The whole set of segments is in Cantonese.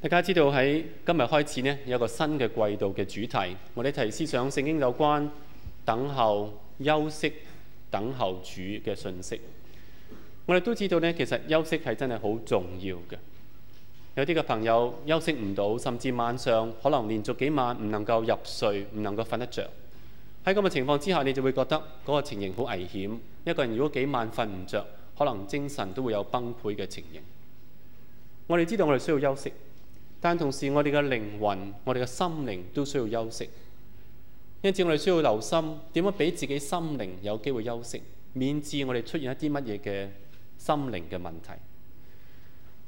大家知道喺今日開始呢，有一個新嘅季度嘅主題。我哋提思想聖經有關等候、休息、等候主嘅信息。我哋都知道呢，其實休息係真係好重要嘅。有啲嘅朋友休息唔到，甚至晚上可能連續幾晚唔能夠入睡，唔能夠瞓得着。喺咁嘅情況之下，你就會覺得嗰個情形好危險。一個人如果幾晚瞓唔着，可能精神都會有崩潰嘅情形。我哋知道我哋需要休息。但同時，我哋嘅靈魂、我哋嘅心靈都需要休息，因此我哋需要留心點樣俾自己心靈有機會休息，免致我哋出現一啲乜嘢嘅心靈嘅問題。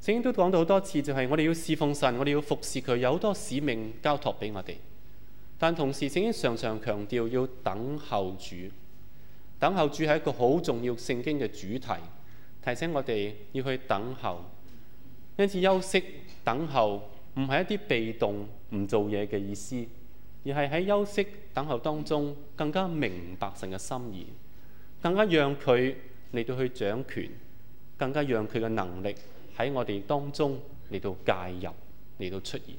聖經都講到好多次，就係、是、我哋要侍奉神，我哋要服侍佢，有好多使命交託俾我哋。但同時，聖經常常強調要等候主，等候主係一個好重要聖經嘅主題，提醒我哋要去等候，因此休息、等候。唔係一啲被動唔做嘢嘅意思，而係喺休息等候當中，更加明白神嘅心意，更加讓佢嚟到去掌權，更加讓佢嘅能力喺我哋當中嚟到介入嚟到出現。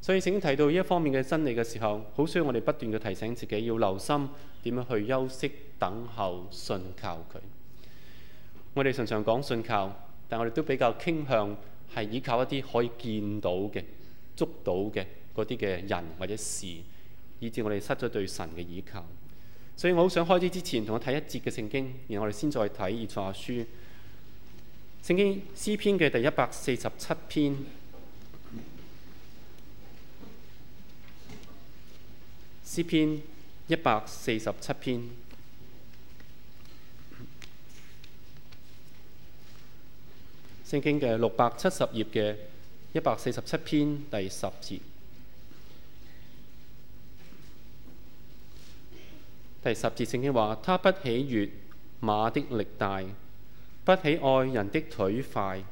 所以曾經提到呢一方面嘅真理嘅時候，好需要我哋不斷嘅提醒自己要留心點樣去休息等候、信靠佢。我哋常常講信靠，但我哋都比較傾向。係依靠一啲可以見到嘅、捉到嘅嗰啲嘅人或者事，以至我哋失咗對神嘅依靠。所以我好想開始之前同我睇一節嘅聖經，然後我哋先再睇以賽亞書。聖經詩篇嘅第一百四十七篇，詩篇一百四十七篇。聖經嘅六百七十頁嘅一百四十七篇第十節，第十節聖經話：他不喜悅馬的力大，不喜愛人的腿快。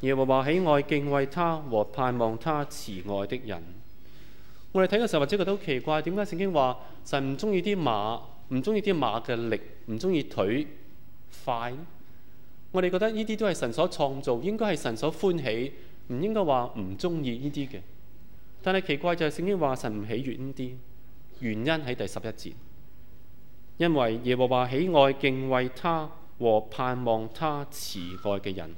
耶和華喜愛敬畏他和盼望他慈愛的人。我哋睇嘅時候或者覺得好奇怪，點解聖經話神唔中意啲馬，唔中意啲馬嘅力，唔中意腿快？我哋覺得呢啲都係神所創造，應該係神所歡喜，唔應該話唔中意呢啲嘅。但係奇怪就係聖經話神唔喜悅呢啲，原因喺第十一節，因為耶和華喜愛敬畏他和盼望他慈愛嘅人。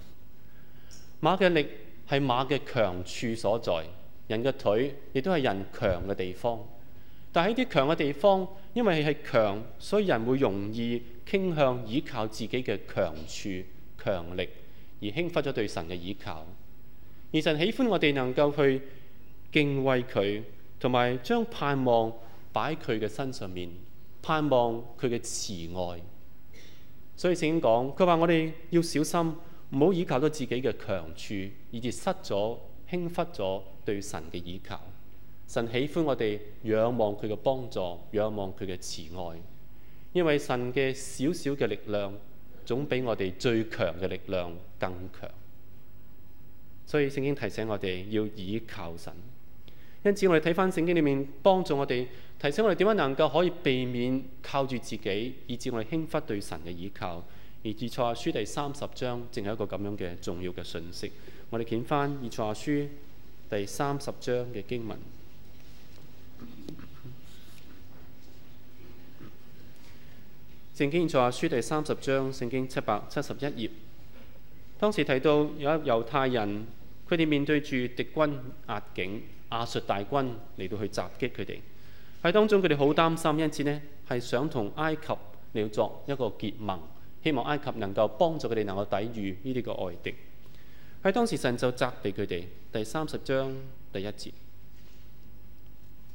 馬嘅力係馬嘅強處所在，人嘅腿亦都係人強嘅地方。但係呢啲強嘅地方，因為係強，所以人會容易傾向倚靠自己嘅強處。強力而輕忽咗對神嘅倚靠，而神喜歡我哋能夠去敬畏佢，同埋將盼望擺喺佢嘅身上面，盼望佢嘅慈愛。所以聖經講，佢話我哋要小心，唔好倚靠到自己嘅強處，以至失咗輕忽咗對神嘅倚靠。神喜歡我哋仰望佢嘅幫助，仰望佢嘅慈愛，因為神嘅小小嘅力量。總比我哋最強嘅力量更強，所以聖經提醒我哋要倚靠神。因此我哋睇翻聖經裏面幫助我哋提醒我哋點樣能夠可以避免靠住自己，以致我哋輕忽對神嘅倚靠而。而以賽亞書第三十章正係一個咁樣嘅重要嘅信息我。我哋檢翻以賽亞書第三十章嘅經文。《聖經創世書》第三十章，聖經七百七十一頁。當時提到有一猶太人，佢哋面對住敵軍亞境、亞述大軍嚟到去襲擊佢哋，喺當中佢哋好擔心，因此呢係想同埃及嚟作一個結盟，希望埃及能夠幫助佢哋能夠抵禦呢啲個外敵。喺當時神就責備佢哋，第三十章第一節，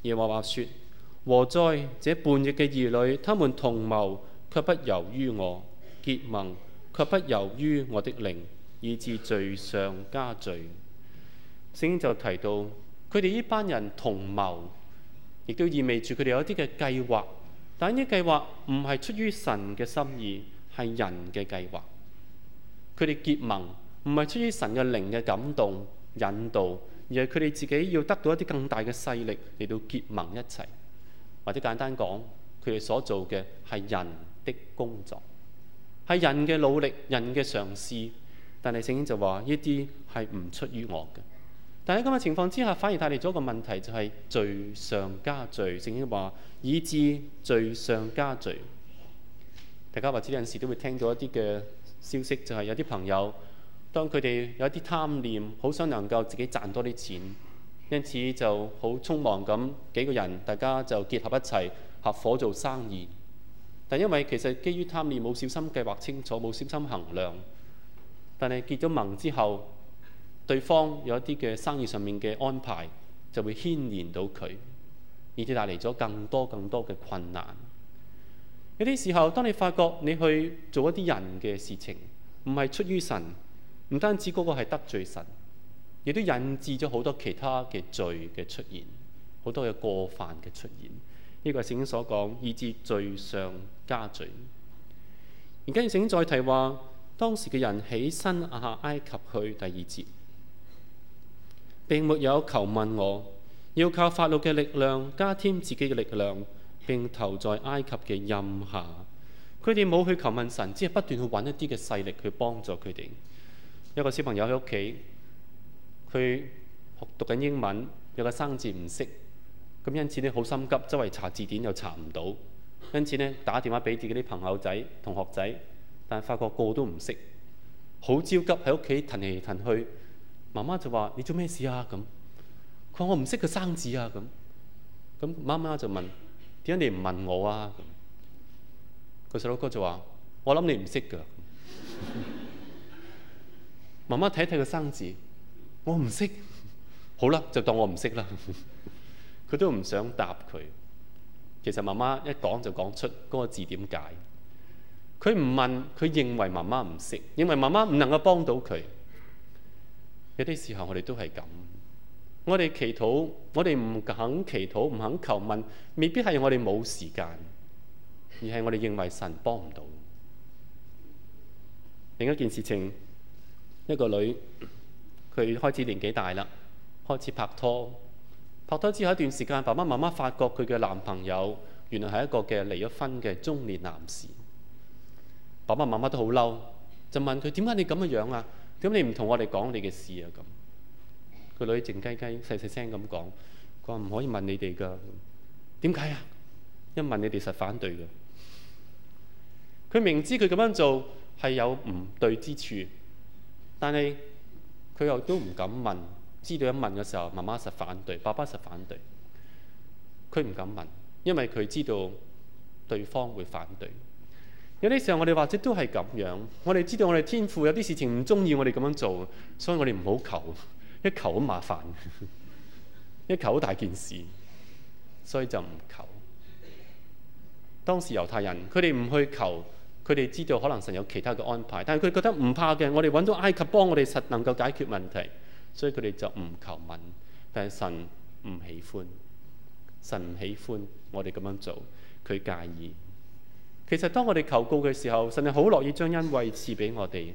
耶和華說：和在這半逆嘅兒女，他們同謀。卻不由於我結盟，卻不由於我的靈，以致罪上加罪。聖經就提到，佢哋呢班人同謀，亦都意味住佢哋有一啲嘅計劃。但呢計劃唔係出於神嘅心意，係人嘅計劃。佢哋結盟唔係出於神嘅靈嘅感動引導，而係佢哋自己要得到一啲更大嘅勢力嚟到結盟一齊，或者簡單講，佢哋所做嘅係人。的工作係人嘅努力、人嘅嘗試，但係聖經就話呢啲係唔出於我嘅。但係咁嘅情況之下，反而帶嚟咗一個問題，就係罪上加罪。聖經話以致罪上加罪。大家或者有陣時都會聽到一啲嘅消息，就係有啲朋友當佢哋有一啲貪念，好想能夠自己賺多啲錢，因此就好匆忙咁幾個人大家就結合一齊合夥做生意。但因為其實基於貪念，冇小心計劃清楚，冇小心衡量，但係結咗盟之後，對方有一啲嘅生意上面嘅安排，就會牽連到佢，而且帶嚟咗更多更多嘅困難。有啲時候，當你發覺你去做一啲人嘅事情，唔係出於神，唔單止嗰個係得罪神，亦都引致咗好多其他嘅罪嘅出現，好多嘅過犯嘅出現。呢個係聖經所講，以致罪上加罪。而家聖經再提話，當時嘅人起身下埃及去第二節。並沒有求問我，要靠法老嘅力量加添自己嘅力量，並投在埃及嘅蔭下。佢哋冇去求問神，只係不斷去揾一啲嘅勢力去幫助佢哋。有個小朋友喺屋企，佢學讀緊英文，有個生字唔識。咁因此咧好心急，周圍查字典又查唔到，因此咧打電話俾自己啲朋友仔、同學仔，但係發覺個個都唔識，好焦急喺屋企騰嚟騰去。媽媽就話：你做咩事啊？咁佢話：我唔識個生字啊！咁咁媽媽就問：點解你唔問我啊？佢細佬哥就話：我諗你唔識㗎。 媽媽睇睇個生字，我唔識，好啦，就當我唔識啦。 佢都唔想答佢。其實媽媽一講就講出嗰個字點解。佢唔問，佢認為媽媽唔識，認為媽媽唔能夠幫到佢。有啲時候我哋都係咁。我哋祈禱，我哋唔肯祈禱，唔肯求問，未必係我哋冇時間，而係我哋認為神幫唔到。另一件事情，一個女，佢開始年紀大啦，開始拍拖。學多之後一段時間，爸爸媽媽發覺佢嘅男朋友原來係一個嘅離咗婚嘅中年男士。爸爸媽媽都好嬲，就問佢：點解你咁嘅樣啊？點解你唔同我哋講你嘅事啊？咁，個女靜雞雞細細聲咁講：，佢話唔可以問你哋噶，點解啊？一問你哋實反對嘅。佢明知佢咁樣做係有唔對之處，但係佢又都唔敢問。知道一問嘅時候，媽媽實反對，爸爸實反對。佢唔敢問，因為佢知道對方會反對。有啲時候，我哋或者都係咁樣。我哋知道我哋天父有啲事情唔中意我哋咁樣做，所以我哋唔好求，一求好麻煩，一求好大件事，所以就唔求。當時猶太人，佢哋唔去求，佢哋知道可能神有其他嘅安排，但係佢哋覺得唔怕嘅。我哋揾到埃及，幫我哋實能夠解決問題。所以佢哋就唔求問，但係神唔喜歡，神唔喜歡我哋咁樣做，佢介意。其實當我哋求告嘅時候，神係好樂意將恩惠賜俾我哋。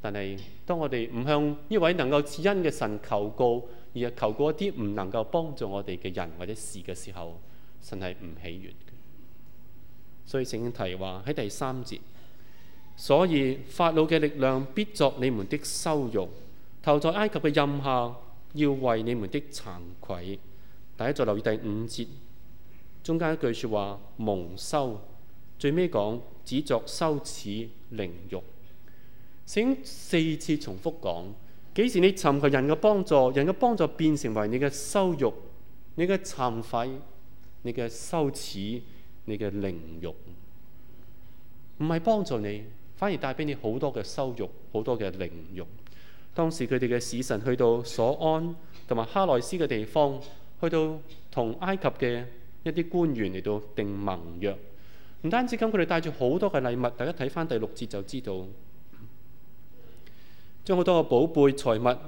但係當我哋唔向呢位能夠賜恩嘅神求告，而係求告一啲唔能夠幫助我哋嘅人或者事嘅時候，神係唔喜悦嘅。所以聖經提話喺第三節，所以法老嘅力量必作你們的羞辱。投在埃及嘅任下，要為你們的慚愧。大家再留意第五節，中間一句說話蒙羞，最尾講只作羞恥凌辱。請四次重複講：幾時你尋求人嘅幫助，人嘅幫助變成為你嘅羞辱、你嘅慚愧、你嘅羞恥、你嘅凌辱。唔係幫助你，反而帶俾你好多嘅羞辱、好多嘅凌辱。當時佢哋嘅使臣去到所安同埋哈內斯嘅地方，去到同埃及嘅一啲官員嚟到定盟約，唔單止咁，佢哋帶住好多嘅禮物，大家睇翻第六節就知道，將好多嘅寶貝財物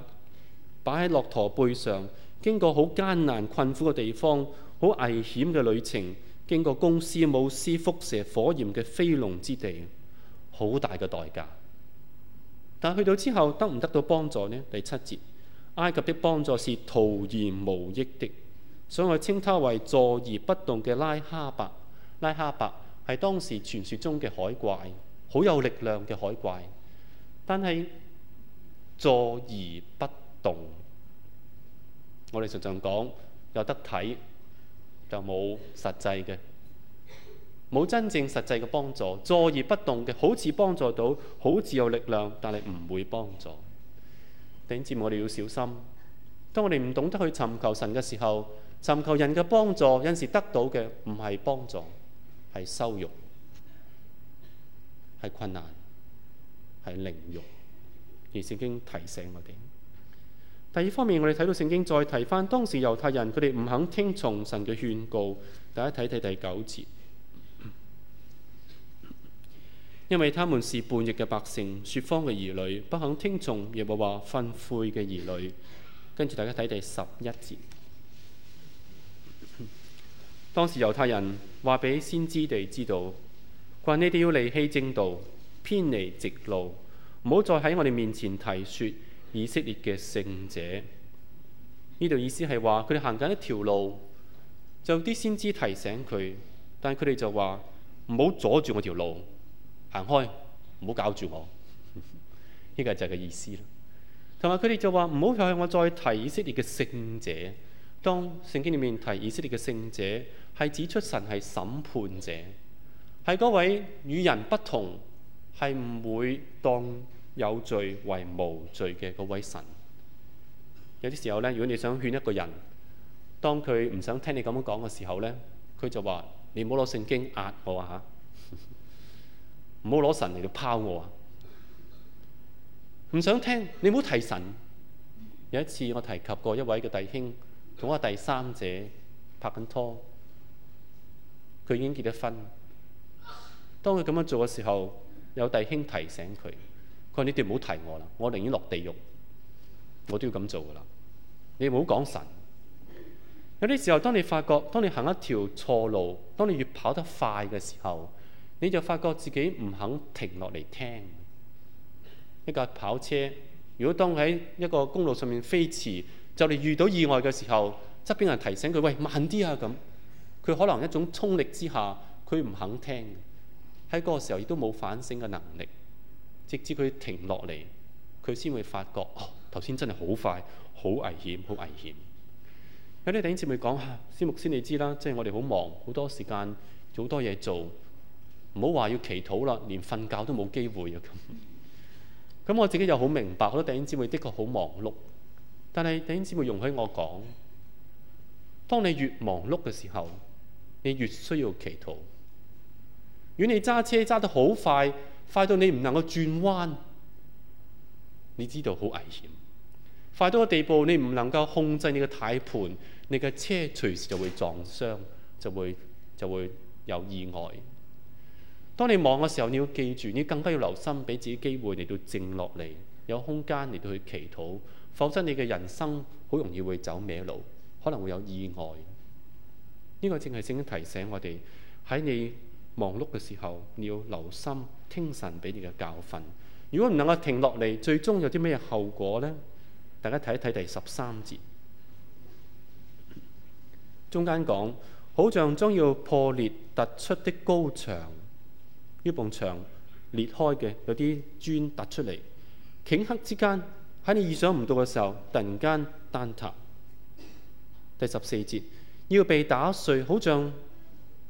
擺喺駱駝背上，經過好艱難困苦嘅地方，好危險嘅旅程，經過公獅、母獅、蝮蛇、火焰嘅飛龍之地，好大嘅代價。但去到之後得唔得到幫助呢？第七節，埃及的幫助是徒然無益的，所以我稱他為坐而不動嘅拉哈伯。拉哈伯係當時傳説中嘅海怪，好有力量嘅海怪。但係坐而不動，我哋常常講有得睇就冇實際嘅。冇真正實際嘅幫助，坐而不動嘅，好似幫助到，好似有力量，但係唔會幫助。弟兄姊妹，我哋要小心。當我哋唔懂得去尋求神嘅時候，尋求人嘅幫助，有陣時得到嘅唔係幫助，係羞辱，係困難，係凌辱。而聖經提醒我哋。第二方面，我哋睇到聖經再提翻當時猶太人，佢哋唔肯聽從神嘅勸告。大家睇睇第九節。因為他們是叛逆嘅百姓，説謊嘅兒女，不肯聽從，亦冇話訓誨嘅兒女。跟住大家睇第十一節、嗯。當時猶太人話俾先知哋知道，話你哋要離棄正道，偏離直路，唔好再喺我哋面前提説以色列嘅聖者。呢度意思係話佢哋行緊一條路，就有啲先知提醒佢，但佢哋就話唔好阻住我條路。行開，唔好搞住我，呢 個就係個意思啦。同埋佢哋就話唔好向我再提以色列嘅聖者。當聖經裏面提以色列嘅聖者，係指出神係審判者，係嗰位與人不同，係唔會當有罪為無罪嘅嗰位神。有啲時候咧，如果你想勸一個人，當佢唔想聽你咁樣講嘅時候咧，佢就話你唔好攞聖經壓我啊吓。唔好攞神嚟度拋我啊！唔想聽，你唔好提神。有一次我提及過一位嘅弟兄同一個第三者拍緊拖，佢已經結咗婚。當佢咁樣做嘅時候，有弟兄提醒佢，佢話你哋唔好提我啦，我寧願落地獄，我都要咁做噶啦。你唔好講神。有啲時候，當你發覺當你行一條錯路，當你越跑得快嘅時候。你就發覺自己唔肯停落嚟聽。一架跑車，如果當喺一個公路上面飛馳，就嚟遇到意外嘅時候，側邊人提醒佢：喂，慢啲啊！咁，佢可能一種衝力之下，佢唔肯聽。喺嗰個時候亦都冇反省嘅能力，直至佢停落嚟，佢先會發覺：哦，頭先真係好快，好危險，好危險。有啲弟兄姊妹講下，先、啊、木先你知啦，即係我哋好忙，好多時間，好多嘢做。唔好話要祈禱啦，連瞓覺都冇機會啊！咁咁，我自己又好明白，好多弟兄姊妹的確好忙碌，但係弟兄姊妹容許我講：當你越忙碌嘅時候，你越需要祈禱。如果你揸車揸得好快，快到你唔能夠轉彎，你知道好危險。快到個地步，你唔能夠控制你嘅胎盤，你嘅車隨時就會撞傷，就會就會有意外。當你忙嘅時候，你要記住，你更加要留心，俾自己機會嚟到靜落嚟，有空間嚟到去祈禱。否則，你嘅人生好容易會走歪路，可能會有意外。呢、呢個正係正正提醒我哋喺你忙碌嘅時候，你要留心聽神俾你嘅教訓。如果唔能夠停落嚟，最終有啲咩後果呢？大家睇一睇第十三節，中間講好像將要破裂突出的高牆。呢埲牆裂開嘅，有啲磚突出嚟，頃刻之間喺你意想唔到嘅時候，突然間坍塌。第十四節要被打碎，好像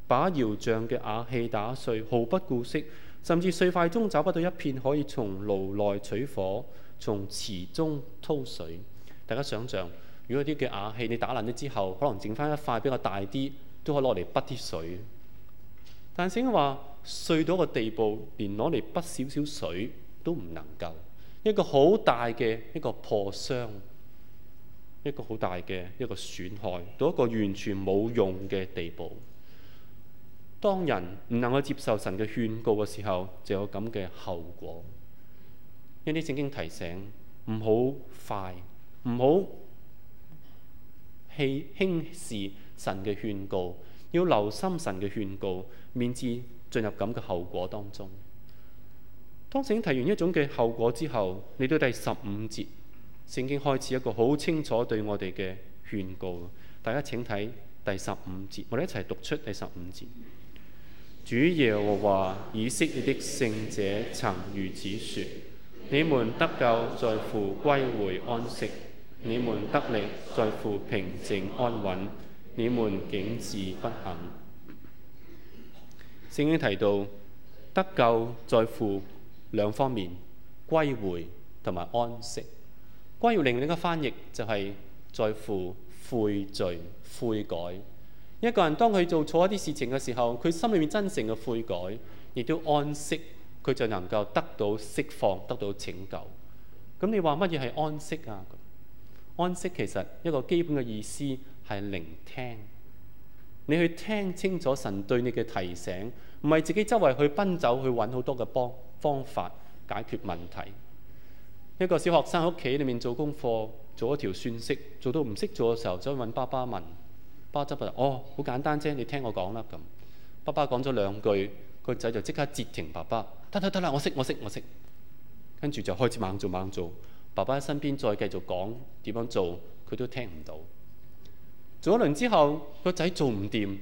把窰匠嘅瓦器打碎，毫不顧惜，甚至碎塊中找不到一片可以從爐內取火，從池中掏水。大家想象，如果啲嘅瓦器，你打爛咗之後，可能剩翻一塊比較大啲，都可以攞嚟濁啲水。但先話。碎到個地步，連攞嚟潷少少水都唔能夠，一個好大嘅一個破傷，一個好大嘅一個損害，到一個完全冇用嘅地步。當人唔能夠接受神嘅勸告嘅時候，就有咁嘅後果。一啲聖經提醒：唔好快，唔好棄輕視神嘅勸告，要留心神嘅勸告。免致進入咁嘅後果當中。當聖經提完一種嘅後果之後，嚟到第十五節，聖經開始一個好清楚對我哋嘅勸告。大家請睇第十五節，我哋一齊讀出第十五節主。主耶和華以色列的聖者曾如此説：你們得救在乎歸回安息；你們得力在乎平靜安穩；你們竟自不肯。」聖經提到得救在乎兩方面：歸回同埋安息。關於另一個翻譯就係在乎悔罪悔改。一個人當佢做錯一啲事情嘅時候，佢心裏面真正嘅悔改，亦都安息，佢就能夠得到釋放，得到拯救。咁你話乜嘢係安息啊？安息其實一個基本嘅意思係聆聽。你去聽清楚神對你嘅提醒，唔係自己周圍去奔走去揾好多嘅幫方法解決問題。一個小學生喺屋企裏面做功課，做咗一條算式，做到唔識做嘅時候就去揾爸爸問。爸爸就話：哦，好簡單啫，你聽我講啦咁。爸爸講咗兩句，個仔就即刻截停爸爸：得得得啦，我識我識我識。跟住就開始猛做猛做。爸爸喺身邊再繼續講點樣做，佢都聽唔到。做咗一輪之後，個仔做唔掂，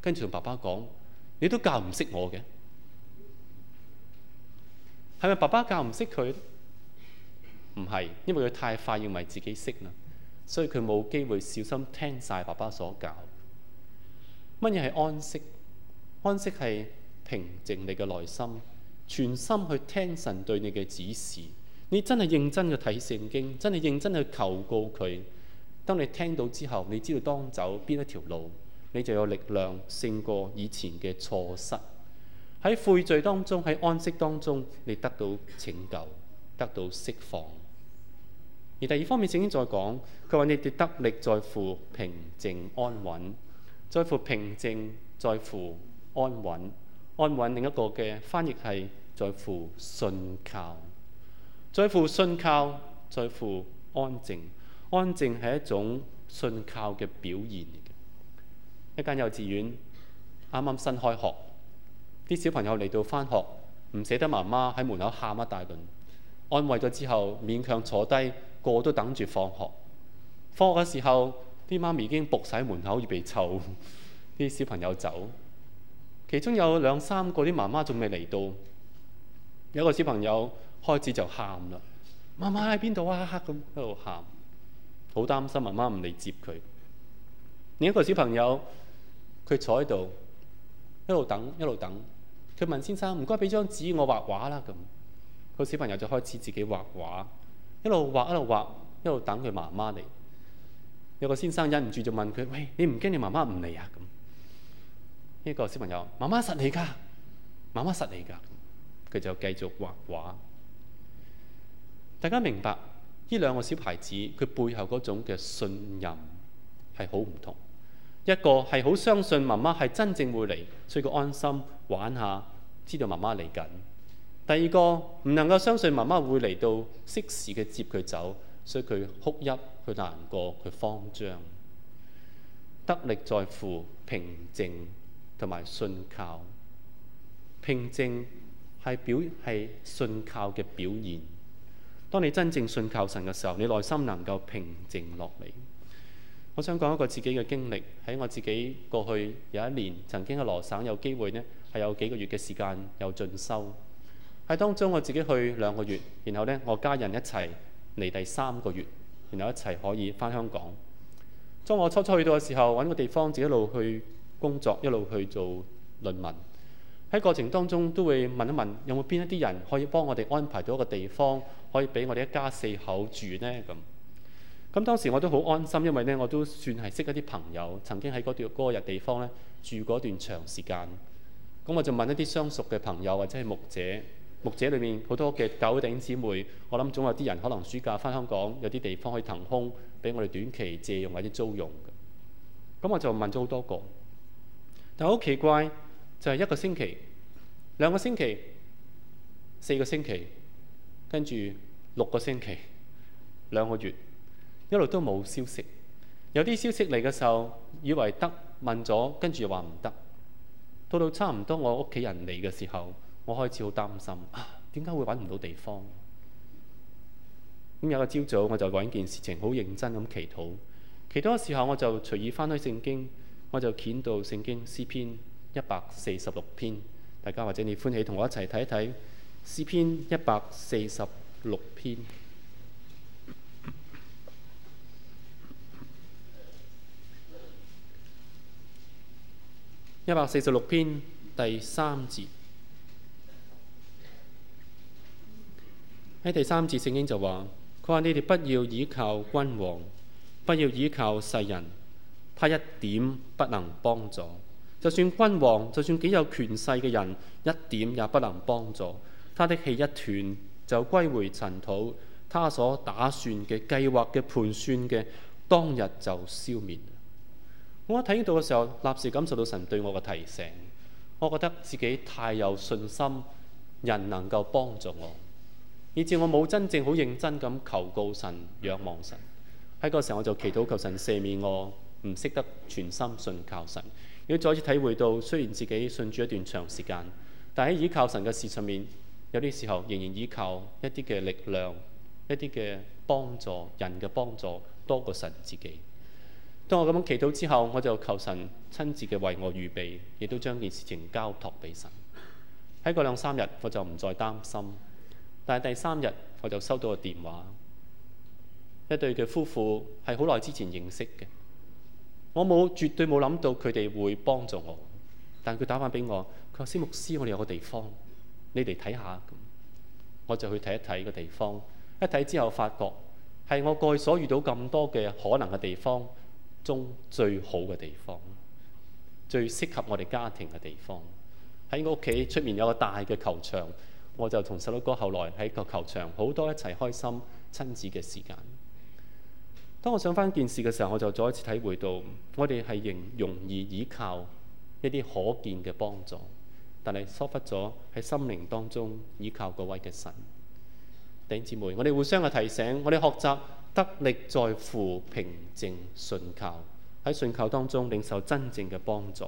跟住同爸爸講：你都教唔識我嘅，係咪爸爸教唔識佢？唔係，因為佢太快認為自己識啦，所以佢冇機會小心聽晒爸爸所教。乜嘢係安息？安息係平靜你嘅內心，全心去聽神對你嘅指示。你真係認真去睇聖經，真係認真去求告佢。當你聽到之後，你知道當走邊一條路，你就有力量勝過以前嘅錯失。喺悔罪當中，喺安息當中，你得到拯救，得到釋放。而第二方面，聖經再講，佢話你哋得力在乎平靜安穩，在乎平靜，在乎安穩。安穩另一個嘅翻譯係在乎信靠，在乎信靠，在乎安靜。安靜係一種信靠嘅表現嚟嘅。一間幼稚園啱啱新開學，啲小朋友嚟到返學，唔捨得媽媽喺門口喊一大輪，安慰咗之後，勉強坐低，個個都等住放學。放學嘅時候，啲媽咪已經仆晒喺門口，要被湊。啲 小朋友走，其中有兩三個啲媽媽仲未嚟到，有個小朋友開始就喊啦：媽媽喺邊度啊？咁喺度喊。好擔心媽媽唔嚟接佢。另一個小朋友，佢坐喺度，一路等一路等。佢問先生：唔該，俾張紙我畫畫啦咁。個小朋友就開始自己畫畫，一路畫一路畫，一路等佢媽媽嚟。有個先生忍唔住就問佢：喂，你唔驚你媽媽唔嚟啊？咁呢個小朋友：媽媽實嚟㗎，媽媽實嚟㗎。佢就繼續畫畫。大家明白。呢兩個小孩子佢背後嗰種嘅信任係好唔同，一個係好相信媽媽係真正會嚟，所以佢安心玩下，知道媽媽嚟緊；第二個唔能夠相信媽媽會嚟到適時嘅接佢走，所以佢哭泣、佢難過、佢慌張。得力在乎平靜同埋信靠，平靜係表係信靠嘅表現。當你真正信靠神嘅時候，你內心能夠平靜落嚟。我想講一個自己嘅經歷，喺我自己過去有一年曾經喺羅省有機會呢，係有幾個月嘅時間有進修。喺當中我自己去兩個月，然後呢我家人一齊嚟第三個月，然後一齊可以返香港。當我初初去到嘅時候，揾個地方自己一路去工作，一路去做論文。喺過程當中都會問一問有冇邊一啲人可以幫我哋安排到一個地方，可以俾我哋一家四口住呢？咁咁當時我都好安心，因為呢，我都算係識一啲朋友，曾經喺嗰度嗰日地方咧住過一段長時間。咁我就問一啲相熟嘅朋友或者係牧者，牧者裏面好多嘅九鼎姊妹，我諗總有啲人可能暑假返香港，有啲地方可以騰空俾我哋短期借用或者租用。咁我就問咗好多個，但好奇怪。就係一個星期、兩個星期、四個星期，跟住六個星期、兩個月，一路都冇消息。有啲消息嚟嘅時候，以為得問咗，跟住又話唔得。到到差唔多我屋企人嚟嘅時候，我開始好擔心啊，點解會揾唔到地方？咁有個朝早，我就揾件事情，好認真咁祈禱。祈禱嘅時候，我就隨意翻去聖經，我就攢到聖經詩篇。一百四十六篇，大家或者你歡喜同我一齊睇睇詩篇一百四十六篇。一百四十六篇第三節，喺第三節聖經就話：佢話你哋不要倚靠君王，不要倚靠世人，他一點不能幫助。就算君王，就算幾有權勢嘅人，一點也不能幫助。他的氣一斷，就歸回塵土。他所打算嘅計劃嘅盤算嘅，當日就消滅。我一睇到嘅時候，立時感受到神對我嘅提醒。我覺得自己太有信心，人能夠幫助我，以至我冇真正好認真咁求告神仰望神。喺嗰個時候，我就祈禱求神赦免我，唔識得全心信靠神。要再次體會到，雖然自己信主一段長時間，但喺倚靠神嘅事上面，有啲時候仍然依靠一啲嘅力量、一啲嘅幫助、人嘅幫助多過神自己。當我咁樣祈禱之後，我就求神親自嘅為我預備，亦都將件事情交託俾神。喺嗰兩三日，我就唔再擔心，但係第三日我就收到個電話，一對嘅夫婦係好耐之前認識嘅。我冇絕對冇諗到佢哋會幫助我，但佢打返畀我，佢話：蕭牧師，我哋有個地方，你哋睇下。我就去睇一睇個地方，一睇之後發覺係我過去所遇到咁多嘅可能嘅地方中最好嘅地方，最適合我哋家庭嘅地方。喺我屋企出面有個大嘅球場，我就同細佬哥後來喺個球場好多一齊開心親子嘅時間。當我想翻件事嘅時候，我就再一次體會到我哋係仍容易依靠一啲可見嘅幫助，但係疏忽咗喺心靈當中依靠嗰位嘅神。弟兄姊妹，我哋互相嘅提醒，我哋學習得力在乎平靜信靠，喺信靠當中領受真正嘅幫助。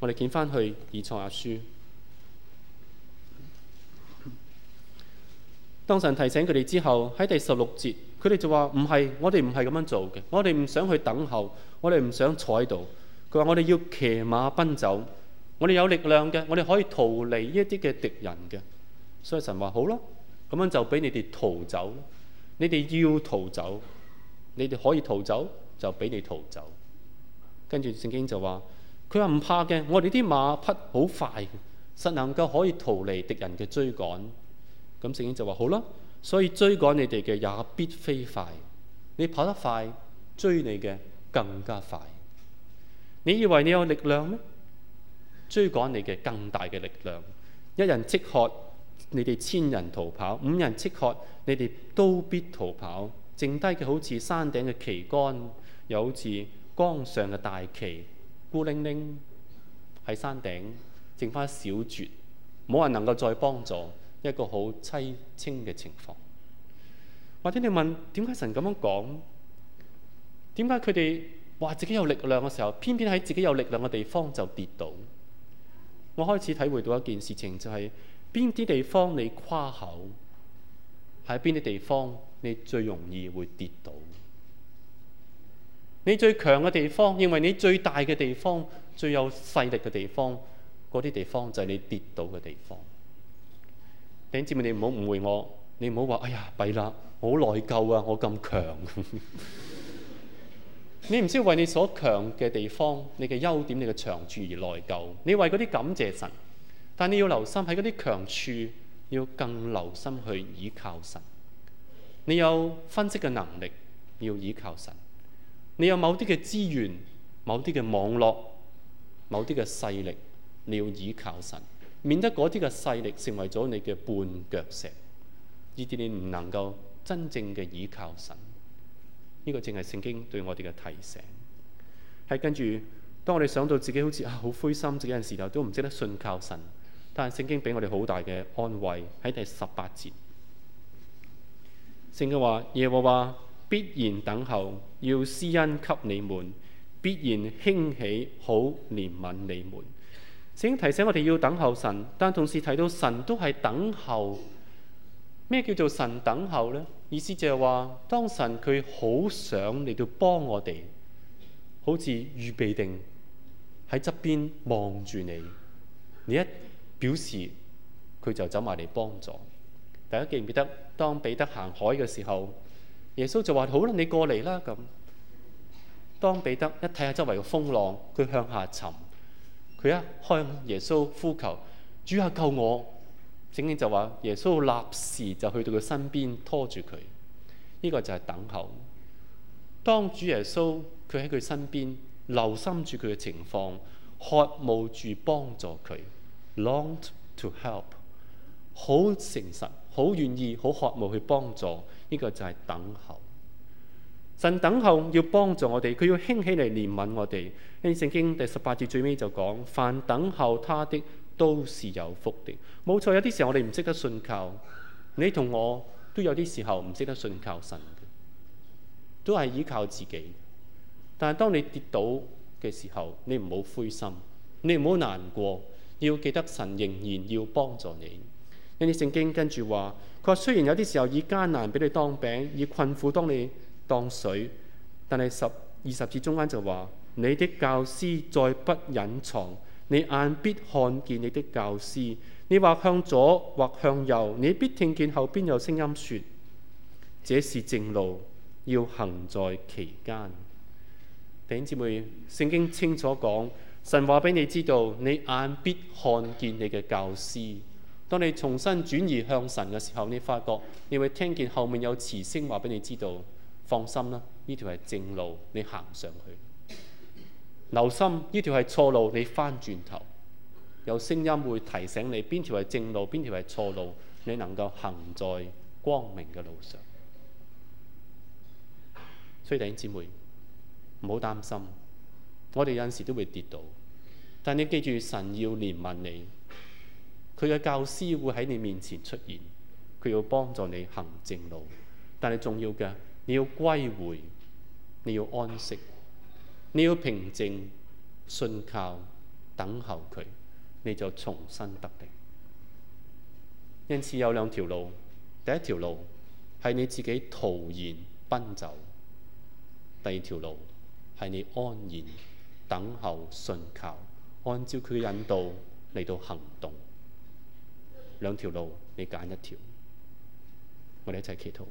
我哋捲翻去以賽亞書，當神提醒佢哋之後，喺第十六節。佢哋就話唔係，我哋唔係咁樣做嘅，我哋唔想去等候，我哋唔想坐喺度。佢話我哋要騎馬奔走，我哋有力量嘅，我哋可以逃離一啲嘅敵人嘅。所以神話好咯，咁樣就俾你哋逃走。你哋要逃走，你哋可以逃走，就俾你逃走。跟住聖經就話，佢話唔怕嘅，我哋啲馬匹好快，實能夠可以逃離敵人嘅追趕。咁、嗯、聖經就話好啦。所以追趕你哋嘅也必飛快，你跑得快，追你嘅更加快。你以為你有力量咩？追趕你嘅更大嘅力量。一人即喝，你哋千人逃跑；五人即喝，你哋都必逃跑。剩低嘅好似山頂嘅旗杆，又好似江上嘅大旗，孤零零喺山頂，剩翻一小撮，冇人能夠再幫助。一個好淒清嘅情況，或者你問，點解神咁樣講？點解佢哋話自己有力量嘅時候，偏偏喺自己有力量嘅地方就跌倒？我開始體會到一件事情，就係邊啲地方你誇口，喺邊啲地方你最容易會跌倒？你最強嘅地方，認為你最大嘅地方，最有勢力嘅地方，嗰啲地方就係你跌倒嘅地方。請姊妹你唔好誤會我，你唔好話哎呀，弊啦，我好內疚啊，我咁強。 你唔需要為你所強嘅地方、你嘅優點、你嘅長處而內疚。你為嗰啲感謝神，但你要留心喺嗰啲強處，要更留心去倚靠神。你有分析嘅能力，你要倚靠神。你有某啲嘅資源、某啲嘅網絡、某啲嘅勢力，你要倚靠神。免得嗰啲嘅勢力成為咗你嘅絆腳石，以至你唔能夠真正嘅倚靠神。呢、這個正係聖經對我哋嘅提醒。係跟住，當我哋想到自己好似啊好灰心，呢陣時候都唔識得信靠神，但係聖經俾我哋好大嘅安慰。喺第十八節，聖經話：耶和華必然等候，要施恩給你們；必然興起好，好憐憫你們。請提醒我哋要等候神，但同時提到神都係等候。咩叫做神等候呢？意思就係話，當神佢好想嚟到幫我哋，好似預備定喺側邊望住你，你一表示佢就走埋嚟幫助。大家記唔記得當彼得行海嘅時候，耶穌就話：好啦，你過嚟啦咁。當彼得一睇下周圍嘅風浪，佢向下沉。佢一向耶穌呼求，主啊救我！聖經就話耶穌立時就去到佢身邊拖住佢，呢、這個就係等候。當主耶穌佢喺佢身邊，留心住佢嘅情況，渴慕住幫助佢，long to help，好誠實，好願意，好渴慕去幫助。呢、這個就係等候。神等候要幫助我哋，佢要興起嚟憐憫我哋。啲聖經第十八節最尾就講：凡等候他的，都是有福的。冇錯，有啲時候我哋唔識得信靠，你同我都有啲時候唔識得信靠神，都係依靠自己。但係當你跌倒嘅時候，你唔好灰心，你唔好難過，要記得神仍然要幫助你。啲聖經跟住話：佢話，雖然有啲時候以艱難俾你當餅，以困苦當你當水，但係十二十節中間就話。你的教師再不隱藏，你眼必看見你的教師。你或向左，或向右，你必聽見後邊有聲音說：這是正路，要行在其間。弟兄姊妹，聖經清楚講，神話俾你知道，你眼必看見你嘅教師。當你重新轉移向神嘅時候，你發覺你會聽見後面有詞聲話俾你知道，放心啦，呢條係正路，你行上去。留心，呢條係錯路，你翻轉頭。有聲音會提醒你邊條係正路，邊條係錯路，你能夠行在光明嘅路上。所以弟兄姊妹，唔好擔心。我哋有陣時都會跌倒，但係你記住，神要憐憫你，佢嘅教師會喺你面前出現，佢要幫助你行正路。但係重要嘅，你要歸回，你要安息。你要平靜、信靠、等候佢，你就重新得力。因此有兩條路：第一條路係你自己徒然奔走；第二條路係你安然等候、信靠，按照佢嘅引導嚟到行動。兩條路，你揀一條。我哋一齊祈禱。